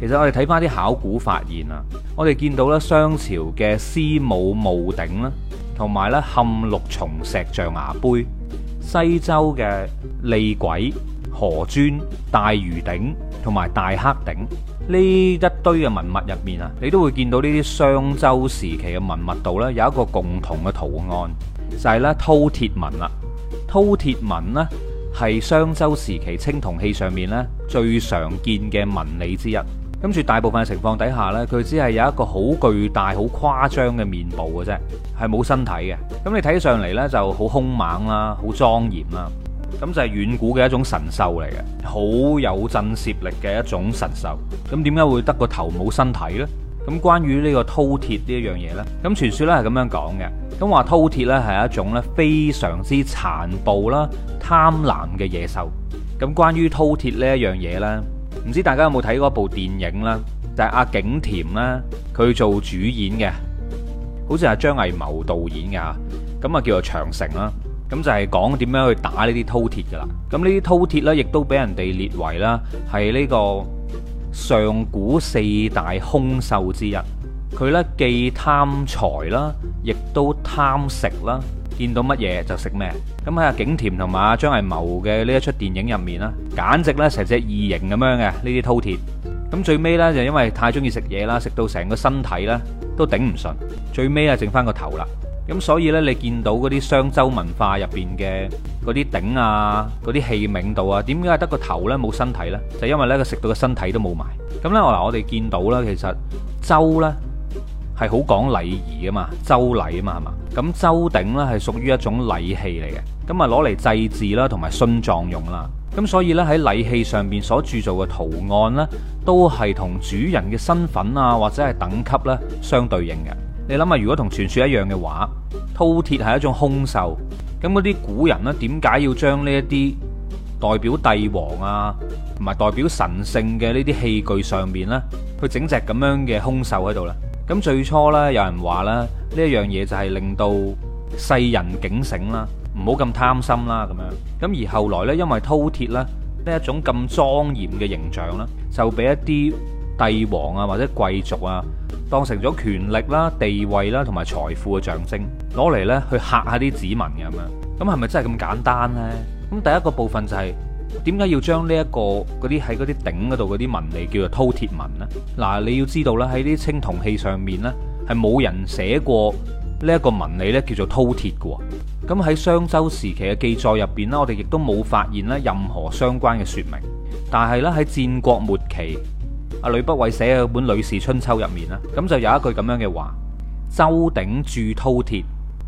其實我哋睇翻啲考古發現啊，我哋見到咧商朝嘅司母墓鼎啦，同埋咧嵌綠松石象牙杯、西周嘅利簋何尊、大盂鼎同埋大克鼎呢一堆嘅文物入面啊，你都會見到呢啲商周時期嘅文物度咧有一個共同嘅圖案，就係咧饕餮紋啦。饕餮紋呢，係商周時期青銅器上面咧最常見嘅紋理之一。跟住大部分情況底下呢，佢只係有一個好巨大、好誇張嘅面部嘅啫，係冇身體嘅。咁你睇上嚟呢就好兇猛啦，好莊嚴啦。咁就係遠古嘅一種神獸嚟嘅，好有震懾力嘅一種神獸。咁點解會得個頭冇身體呢？咁關於呢個饕餮呢一樣嘢呢，咁傳説呢係咁樣講嘅。咁話饕餮呢係一種呢非常之殘暴啦、貪婪嘅野獸。咁關於饕餮呢一樣嘢呢。唔知大家有冇睇過部電影啦，就係阿景甜啦，佢做主演嘅，好似係張藝謀導演嘅，咁啊叫做《長城》啦，咁就係講點樣去打呢啲饕餮噶啦。咁呢啲饕餮咧，亦都俾人哋列為啦係呢個上古四大凶獸之一。佢咧既貪財啦，亦都貪食啦。見到乜嘢就食咩，咁喺啊景甜同埋張藝謀嘅呢一出電影入面啦，簡直咧成隻異形咁樣嘅呢啲饕餮，咁最尾咧就因為太中意食嘢啦，食到成個身體咧都頂唔順，最尾啊剩翻個頭啦，咁所以咧你見到嗰啲商周文化入邊嘅嗰啲鼎啊、嗰啲器皿度啊，點解得個頭咧冇身體咧？就因為咧佢食到個身體都冇埋，咁咧我嗱我哋見到咧，其實周咧。係好講禮儀噶嘛，周禮啊嘛，係嘛，咁周鼎呢係屬於一種禮器嚟嘅。咁啊攞嚟祭祀啦，同埋殉葬用啦。咁所以呢，喺禮器上邊所鑄造嘅圖案呢，都係同主人嘅身份啊或者係等級呢，相對應嘅。你諗下，如果同傳說一樣嘅話，饕餮係一種兇獸，咁嗰啲古人呢，點解要將呢一啲代表帝王啊同埋代表神性嘅呢啲器具上面呢，去整隻咁樣嘅兇獸喺度呢？咁最初呢，有人話呢呢一樣嘢就係令到世人警醒啦，唔好咁貪心啦咁樣。咁而後來呢，因為饕餮呢，呢一種咁莊嚴嘅形象呢，就俾一啲帝王啊或者貴族啊當成咗權力啦、啊、地位啦同埋財富嘅象徵，攞嚟呢去嚇下啲子民咁樣。咁係咪真係咁簡單呢？咁第一個部分就係、是。點解要將呢一個嗰啲喺嗰啲頂嗰度嗰啲紋理叫做饕餮紋呢？嗱，你要知道咧，喺啲青銅器上面呢，係冇人寫過呢一個紋理咧叫做饕餮嘅喎。咁喺商周時期嘅記載入邊呢，我哋亦都冇發現咧任何相關嘅説明。但係咧喺戰國末期，阿呂不韋寫嘅本《呂氏春秋》入面咧，咁就有一句咁樣嘅話：周鼎著饕餮，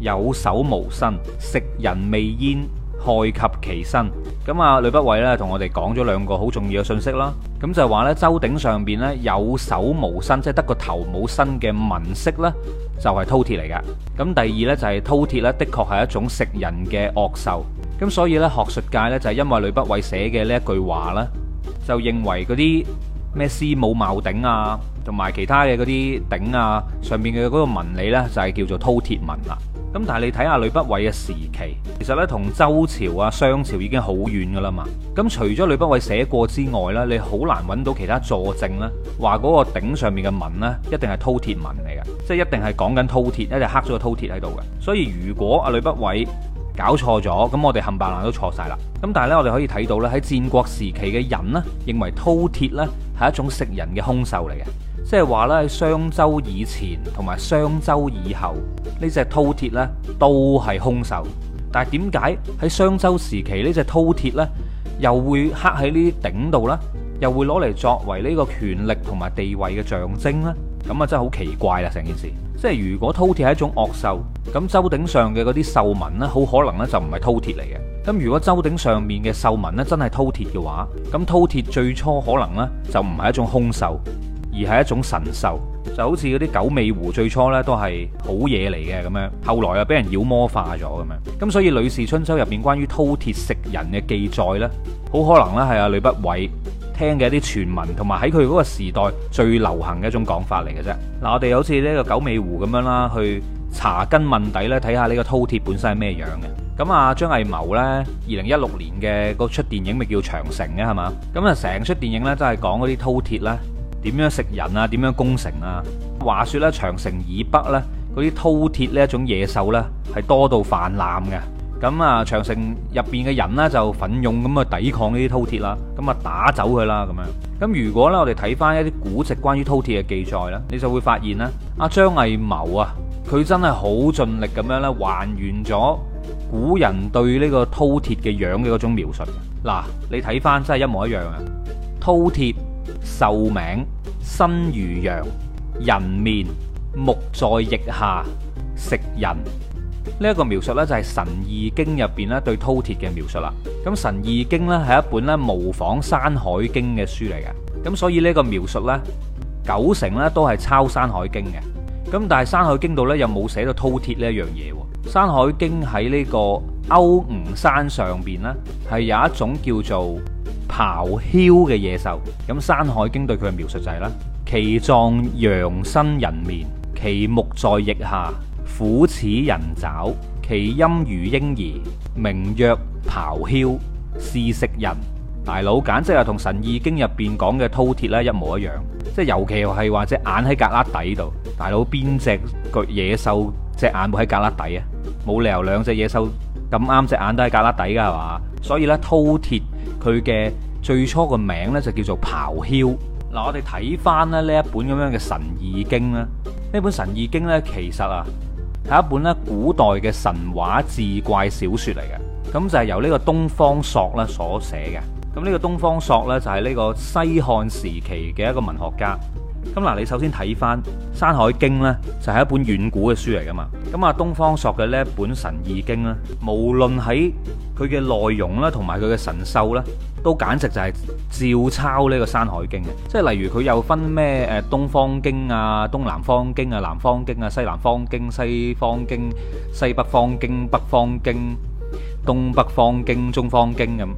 有手無身，食人未咽。害及其身，咁啊，呂不韋咧同我哋講咗兩個好重要嘅信息啦。咁就係話呢，周鼎上邊呢，有首無身，即係得個頭冇身嘅紋飾呢，就係饕餮嚟噶。咁第二呢，就係饕餮呢，的確係一種食人嘅惡獸。咁所以呢，學術界呢，就係因為呂不韋寫嘅呢一句話呢，就認為嗰啲咩司母戊鼎啊，同埋其他嘅嗰啲鼎啊上面嘅嗰個紋理呢，就係叫做饕餮紋啦。咁但係你睇下呂不韋嘅時期，其實呢同周朝啊、商朝已經好遠噶啦嘛。咁除咗呂不韋寫過之外呢，你好難揾到其他佐證啦，話嗰個頂上面嘅紋呢，一定係饕餮紋嚟嘅，即係一定係講緊饕餮，一定刻咗個饕餮喺度嘅。所以如果阿呂不韋搞錯咗，咁我哋冚唪唥都錯晒啦。咁但係呢，我哋可以睇到呢喺戰國時期嘅人呢，認為饕餮呢。係一種食人嘅兇獸嚟嘅，即係話呢，喺商周以前同埋商周以後呢隻饕餮呢都係兇獸，但係點解喺商周時期呢隻饕餮呢又會刻喺呢啲鼎度呢？又會攞嚟作為呢個權力同埋地位嘅象徵呢？咁啊真係好奇怪啦，成件事，即係如果饕餮係一種惡獸，咁周鼎上嘅嗰啲獸紋呢，好可能呢就唔係饕餮嚟嘅。咁如果周鼎上面嘅獸紋咧真係饕餮嘅話，咁饕餮最初可能呢就唔係一種兇獸，而係一種神獸，就好似嗰啲九尾狐最初呢都係好嘢嚟嘅咁樣，後來又俾人妖魔化咗咁樣。咁所以《呂氏春秋》入面關於饕餮食人嘅記載呢，好可能呢係阿呂不韋聽嘅一啲傳聞，同埋喺佢嗰個時代最流行嘅一種講法嚟嘅啫。嗱，我哋好似呢個九尾狐咁樣啦，去查根問底咧，睇下呢個饕餮本身係咩樣嘅。咁啊，張藝謀呢，二零一六年嘅嗰齣電影咪叫《長城》嘅係嘛？咁啊，成齣電影呢，都係講嗰啲饕餮咧點樣食人啊，點樣攻城啊。話說咧，長城以北呢，嗰啲饕餮呢一種野獸呢，係多到泛濫嘅。咁啊，長城入邊嘅人呢，就奮勇咁去抵抗呢啲饕餮啦，咁啊打走佢啦咁樣。咁如果呢，我哋睇翻一啲古籍關於饕餮嘅記載咧，你就會發現呢，阿張藝謀啊，佢真係好盡力咁樣呢還原咗。古人對呢個饕餮嘅樣嘅嗰種描述，嗱，你睇翻真係一模一樣啊！饕餮獸名，身如羊，人面，目在腋下，食人。呢、這、一個描述呢，就係《神異經》入邊咧對饕餮嘅描述啦。咁《神異經》呢係一本咧模仿《山海經》嘅書嚟嘅，咁所以呢個描述呢，九成咧都係抄《山海經》嘅。咁但係《山海經》度呢，又冇寫到饕餮呢一樣嘢喎。《山海經》喺呢個歐吳山上邊呢係有一種叫做咆哮嘅野獸。咁《山海經》對佢嘅描述就係、是、啦，其狀羊身人面，其目在腋下，虎齒人爪，其音如嬰兒，名曰咆哮，是食人。大佬簡直係同《神異經》入邊講嘅饕餮啦一模一樣。即係尤其係話隻眼喺隔旯底度，大佬邊隻巨野獸？隻眼會喺旮旯底啊，冇理由兩隻野獸咁啱隻眼都喺旮旯底噶係嘛？所以咧饕餮佢嘅最初個名咧就叫做狍鴞。嗱，我哋睇翻咧呢一本咁樣嘅《神異經》咧，呢本《神異經》咧其實啊係一本咧古代嘅神話志怪小說嚟嘅。咁就係由呢個東方朔啦所寫嘅。咁呢個東方朔咧就係呢個西漢時期嘅一個文學家。咁嗱，你首先睇翻《山海經》咧，就係一本遠古嘅書嚟噶嘛。咁啊，東方朔嘅呢一本《神異經》咧，無論喺佢嘅內容啦，同埋佢嘅神獸咧，都簡直就係照抄呢個《山海經》嘅。即係例如佢又分咩誒東方經啊、東南方經啊、南方經啊、西南方經、西方經、西北方經、北方經、東北方經、中方經咁。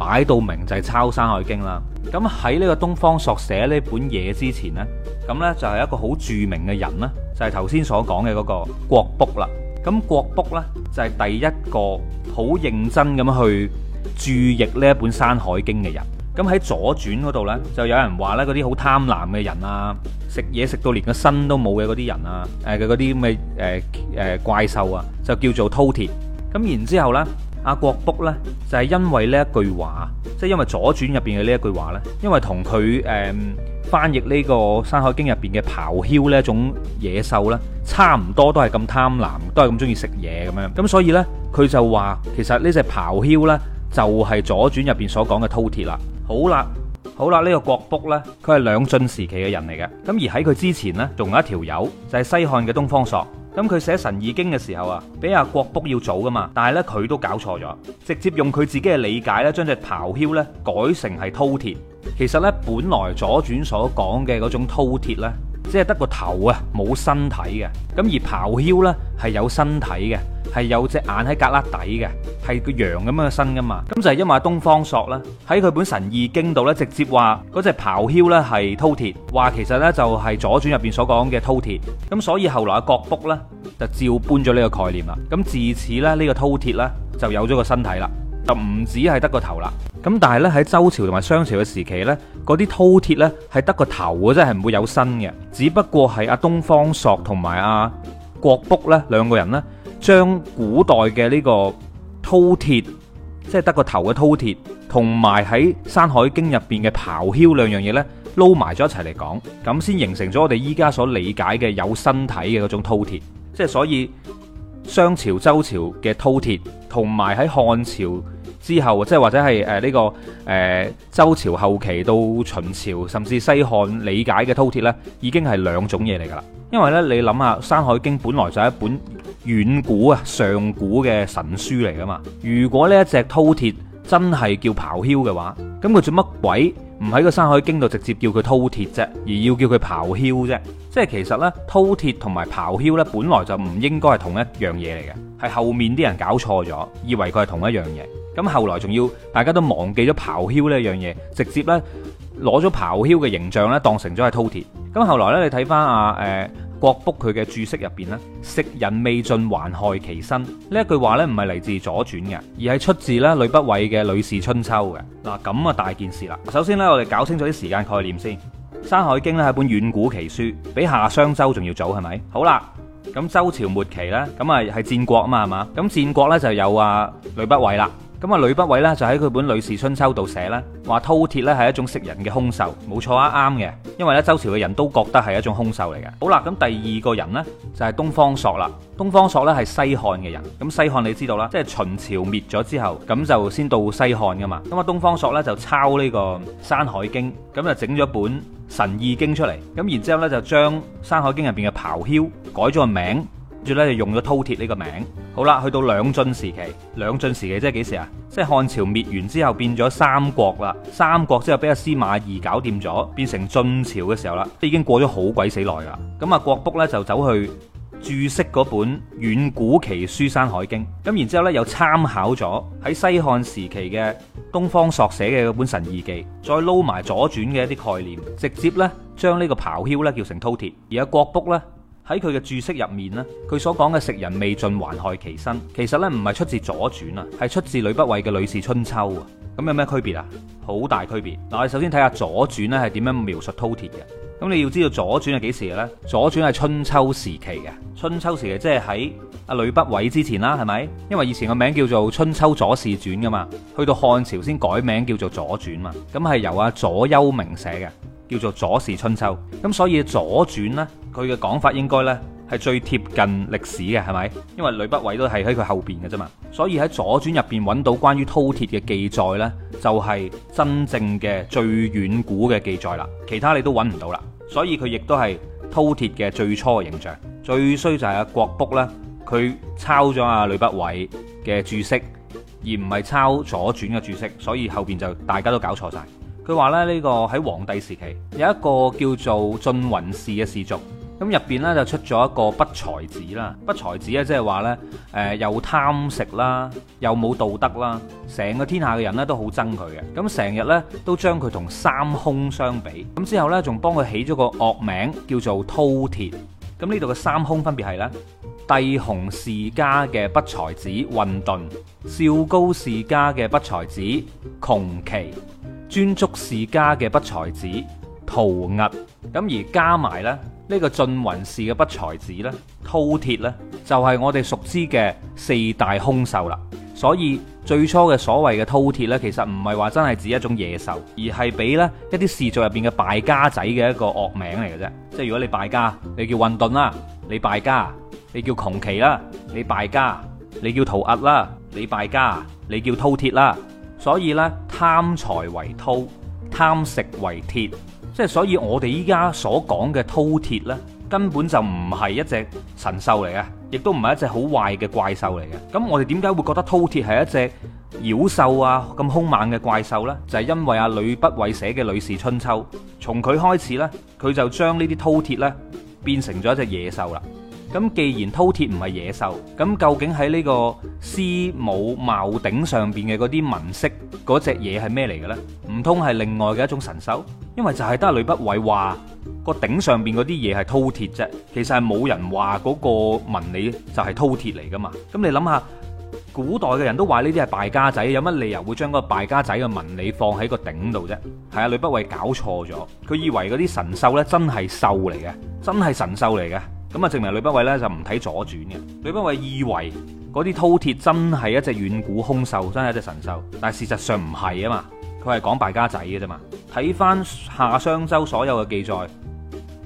擺到明就係抄《山海經》啦。咁喺呢個東方朔寫呢本嘢之前咧，咁咧就係一個好著名嘅人咧，就係頭先所講嘅嗰個郭璞啦。咁郭璞咧就係第一個好認真咁去注譯呢一本《山海經》嘅人。咁喺《左傳》嗰度咧，就有人話咧，嗰啲好貪婪嘅人啊，食嘢食到連個身都冇嘅嗰啲人啊，誒嘅嗰啲咩誒誒怪獸啊，就叫做饕餮。咁然之後咧。阿郭璞呢，就係、是、因為呢一句話，即、就、係、是、因為左傳入邊嘅呢一句話呢，因為同佢誒翻譯呢、這個山海經入邊嘅狍鴞呢一種野獸呢，差唔多都係咁貪婪，都係咁中意食嘢咁樣，咁所以呢，佢就話，其實呢隻狍鴞呢，就係、是、左傳入邊所講嘅饕餮啦。好啦。好啦，呢、這個郭璞呢，佢係兩晉時期嘅人嚟嘅，咁而喺佢之前呢，仲有一條友就係、是、西漢嘅東方朔，咁佢寫《神異經》嘅時候啊，比阿郭璞要早噶嘛，但係呢，佢都搞錯咗，直接用佢自己嘅理解呢，將隻狍鴞呢改成係饕餮，其實呢，本來左傳所講嘅嗰種饕餮呢。即係得個頭啊，冇身體嘅。咁而狍鴞呢，係有身體嘅，係有隻眼喺胳肋底嘅，係個羊咁樣嘅身噶嘛。咁就係因為東方朔呢，喺佢本神異經度呢，直接話嗰隻狍鴞呢係饕餮，話其實呢，就係左傳入邊所講嘅饕餮。咁所以後來嘅郭璞咧就照搬咗呢個概念啦。咁自此咧呢個饕餮呢，就有咗個身體啦。就唔止係得個頭啦，咁但係呢，喺周朝同埋商朝嘅時期呢，嗰啲饕餮呢係得個頭嘅啫，係唔會有身嘅。只不過係阿東方朔同埋阿郭璞呢兩個人呢，將古代嘅呢個饕餮，即係得個頭嘅饕餮，同埋喺《山海經》入邊嘅咆哮兩樣嘢呢撈埋咗一齊嚟講，咁先形成咗我哋依家所理解嘅有身體嘅嗰種饕餮。即係所以，商朝、周朝嘅饕餮，同埋喺漢朝。之後，即係或者係誒呢個誒周朝後期到秦朝，甚至西漢理解嘅饕餮呢，已經係兩種嘢嚟㗎啦。因為呢，你諗下《山海經》本來就係一本遠古啊、上古嘅神書嚟㗎嘛。如果呢一隻饕餮，真係叫咆哮嘅話，咁佢做乜鬼唔喺個山海經度直接叫佢饕餮啫，而要叫佢咆哮啫？即係其實呢，饕餮同埋咆哮呢，本來就唔應該係同一樣嘢嚟嘅，係後面啲人搞錯咗，以為佢係同一樣嘢。咁後來仲要大家都忘記咗咆哮呢一樣嘢，直接呢，攞咗咆哮嘅形象呢，當成咗係饕餮。咁後來呢，你睇翻啊誒。呃郭璞佢嘅注釋入邊咧，食人未盡還害其身呢一句話咧，唔係嚟自左傳嘅，而係出自咧呂不韋嘅《呂氏春秋》嘅。嗱咁啊大件事啦，首先呢，我哋搞清楚啲時間概念先，《山海經》咧係一本遠古奇書，比夏商周仲要早係咪？好啦，咁周朝末期呢，咁啊係戰國啊嘛係嘛，咁戰國呢，就有啊呂不韋啦。咁啊，呂不韋咧就喺佢本《呂氏春秋》度寫啦，話饕餮咧係一種食人嘅凶獸，冇錯啊，啱嘅，因為咧周朝嘅人都覺得係一種凶獸嚟嘅。好啦，咁第二個人呢，就係、是、東方朔啦，東方朔呢係西漢嘅人，咁西漢你知道啦，即係秦朝滅咗之後，咁就先到西漢噶嘛。咁啊，東方朔呢就抄呢、這個《山海經》，咁就整咗本《神異經》出嚟，咁然之後咧就將《山海經》入邊嘅狍鴞改咗個名。跟住咧就用咗饕餮呢個名。好啦，去到兩晉時期，兩晉時期即係幾時啊？即係漢朝滅完之後變咗三國啦。三國之後俾阿司馬懿搞掂咗，變成晉朝嘅時候啦，已經過咗好鬼死耐啦。咁阿郭璞呢，就走去注釋嗰本遠古奇書《山海經》，咁然之後呢，又參考咗喺西漢時期嘅東方朔寫嘅嗰本《神異記》，再撈埋左傳嘅一啲概念，直接呢將呢個咆哮呢，叫成饕餮。而阿、啊、郭璞呢，喺佢嘅注釋入面咧，佢所講嘅食人未盡還害其身，其實呢，唔係出自左傳啊，係出自呂不韋嘅《呂氏春秋》啊。咁有咩區別啊？好大區別。嗱，我哋首先睇下左傳咧係點樣描述饕餮嘅。咁你要知道左傳係幾時嘅咧？左傳係春秋時期嘅，春秋時期即係喺阿呂不韋之前啦，係咪？因為以前個名叫做《春秋左氏傳》噶嘛，去到漢朝先改名叫做左傳嘛。咁係由阿左丘明寫嘅。叫做《左氏春秋》，咁所以《左傳》呢，佢嘅講法應該呢，係最貼近歷史嘅，係咪？因為呂不韋都係喺佢後邊嘅啫嘛，所以喺《左傳》入邊揾到關於饕餮嘅記載呢，就係真正嘅最遠古嘅記載啦。其他你都揾唔到啦，所以佢亦都係饕餮嘅最初嘅形象。最衰就係阿郭璞咧，佢抄咗阿呂不韋嘅注釋，而唔係抄《左傳》嘅注釋，所以後邊就大家都搞錯晒。佢話咧，呢個喺皇帝時期有一個叫做晉雲氏嘅氏族，咁入邊呢就出咗一個不才子啦。不才子咧即係話呢，誒、呃、又貪食啦，又冇道德啦，成個天下嘅人呢都好憎佢嘅。咁成日呢都將佢同三兇相比。咁之後呢仲幫佢起咗個惡名叫做饕餮。咁呢度嘅三兇分別係咧，帝雄氏家嘅不才子混沌，少高氏家嘅不才子窮奇，顓頊世家嘅不才子，檮杌，咁而加埋咧呢個縉雲氏嘅不才子呢，饕餮呢，就係、是、我哋熟知嘅四大凶獸啦。所以最初嘅所謂嘅饕餮呢，其實唔係話真係指一種野獸，而係俾呢一啲氏族入邊嘅敗家仔嘅一個惡名嚟嘅啫。即係如果你敗家，你叫混沌啦；你敗家，你叫窮奇啦；你敗家，你叫檮杌啦；你敗家，你叫饕餮啦。所以呢，貪財為饕，貪食為餮，即係所以我哋依家所講嘅饕餮呢，根本就唔係一隻神獸嚟嘅，亦都唔係一隻好壞嘅怪獸嚟嘅。咁我哋點解會覺得饕餮係一隻妖獸啊？咁兇猛嘅怪獸呢，就係、是、因為阿呂不韋寫嘅《呂氏春秋》，從佢開始呢，佢就將呢啲饕餮呢，變成咗一隻野獸啦。咁既然饕餮唔係野獸，咁究竟喺呢個師母帽頂上邊嘅嗰啲紋飾嗰隻嘢係咩嚟嘅咧？唔通係另外嘅一種神獸？因為就係得呂不韋話個頂上邊嗰啲嘢係饕餮啫，其實係冇人話嗰個紋理就係饕餮嚟㗎嘛。咁你諗下，古代嘅人都話呢啲係敗家仔，有乜理由會將嗰個敗家仔嘅紋理放喺個頂度啫？係啊，呂不韋搞錯咗，佢以為嗰啲神獸咧真係獸嚟嘅，真係神獸嚟嘅。咁啊，就證明呂不韋咧就唔睇左傳嘅。呂不韋以為嗰啲饕餮真係一隻遠古凶獸，真係一隻神獸，但係事實上唔係啊嘛，佢係講敗家仔嘅啫嘛。睇翻夏商周所有嘅記載，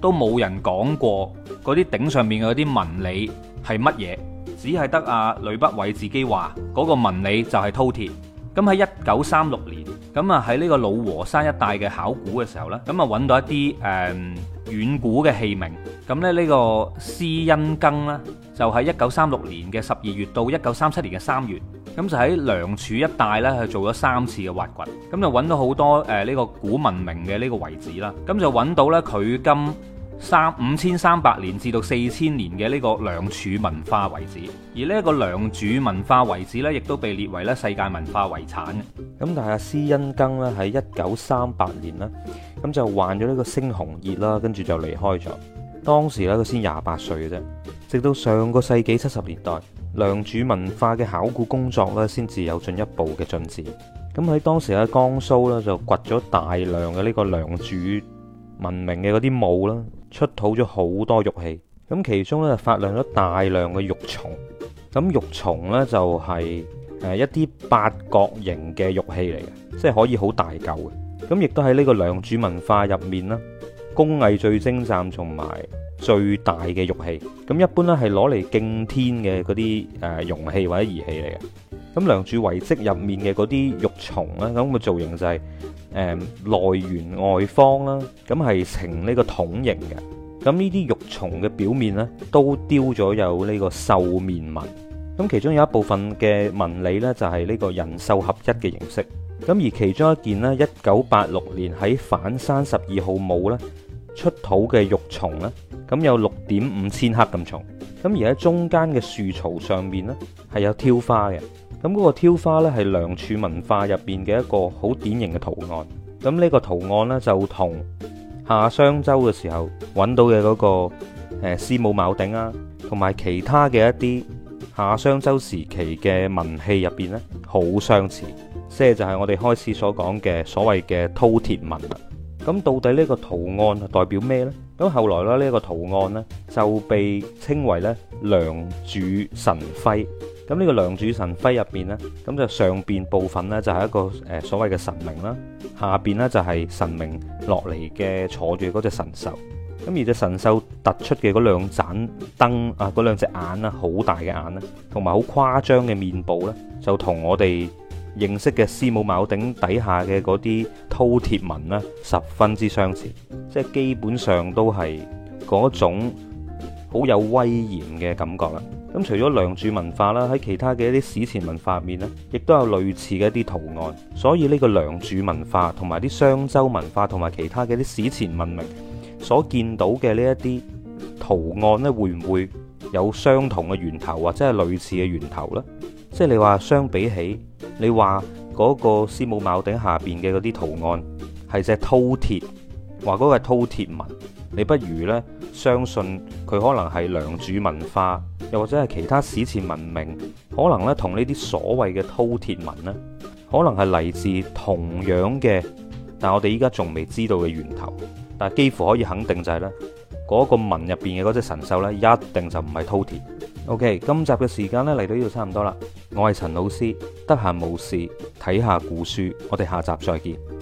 都冇人講過嗰啲頂上面嗰啲紋理係乜嘢，只係得阿呂不韋自己話嗰個紋理就係饕餮。咁喺一九三六年。咁啊喺呢個老和山一帶嘅考古嘅時候呢，咁啊揾到一啲誒遠古嘅器皿，咁咧呢個施昕更呢，就喺一九三六年嘅十二月到一九三七年嘅三月，咁就喺良渚一帶呢去做咗三次嘅挖掘，咁就揾到好多誒呢、呃這個古文明嘅呢個遺址啦，咁就揾到呢佢今。三五千三百年至到四千年嘅呢個良渚文化遺址，而呢一個良渚文化遺址呢，亦都被列為咧世界文化遺產。咁但係啊，施恩更咧喺一九三八年啦，咁就患咗呢個猩紅熱啦，跟住就離開咗。當時咧佢先廿八歲嘅啫。直到上個世紀七十年代，良渚文化嘅考古工作咧先至有進一步嘅進展。咁喺當時喺江蘇咧就掘咗大量嘅呢個良渚文明嘅嗰啲墓啦。出土咗好多玉器，咁其中咧發亮咗大量嘅玉琮，咁玉琮咧就係誒一啲八角形嘅玉器嚟嘅，即係可以好大嚿嘅，咁亦都喺呢個良渚文化入面啦，工藝最精湛同埋最大嘅玉器，咁一般咧係攞嚟敬天嘅嗰啲誒容器或者儀器嚟嘅，咁良渚遺跡入面嘅嗰啲玉琮咧，咁個造型就係。誒內圓外方啦，咁係呈呢個筒形嘅。咁呢啲玉琮嘅表面呢，都雕咗有呢個獸面紋。咁其中有一部分嘅紋理呢，就係呢個人獸合一嘅形式。咁而其中一件呢，一九八六年喺反山十二號墓呢出土嘅玉琮呢，咁有六點五千克咁重。咁而喺中間嘅樹槽上面呢，係有挑花嘅。咁嗰個挑花呢，係良渚文化入邊嘅一個好典型嘅圖案。咁呢個圖案呢，就同夏商周嘅時候揾到嘅嗰、那個、欸、司母卯鼎啊，同埋其他嘅一啲夏商周時期嘅文器入邊呢，好相似。即係就係我哋開始所講嘅所謂嘅饕餮紋。啦。咁到底呢個圖案係代表咩呢？咁後來啦，呢、這個圖案呢，就被稱為咧良渚神徽。咁呢個良渚神徽入邊呢，咁就上邊部分呢，就係一個誒所謂嘅神明啦，下邊呢，就係神明落嚟嘅坐住嗰隻神獸。咁而隻神獸突出嘅嗰兩盞燈啊，嗰兩隻眼啦，好大嘅眼啦，同埋好誇張嘅面部呢，就同我哋認識嘅司母戊鼎底下嘅嗰啲饕餮紋啦，十分之相似，即係基本上都係嗰種好有威嚴嘅感覺啦。咁除咗良渚文化啦，喺其他嘅一啲史前文化面咧，亦都有類似嘅一啲圖案。所以呢個良渚文化同埋啲商周文化同埋其他嘅啲史前文明所見到嘅呢一啲圖案咧，會唔會有相同嘅源頭或者係類似嘅源頭咧？即係你話相比起，你話嗰個司母卯頂下邊嘅嗰啲圖案係隻饕餮，話嗰個係饕餮紋。你不如咧相信佢可能係良渚文化，又或者係其他史前文明，可能咧同呢啲所謂嘅饕餮文咧，可能係嚟自同樣嘅，但係我哋依家仲未知道嘅源頭。但係幾乎可以肯定就係咧，嗰個文入邊嘅嗰隻神獸咧，一定就唔係饕餮。OK，今集嘅時間咧嚟到呢度差唔多啦。我係陳老師，得閒冇事睇下古書，我哋下集再見。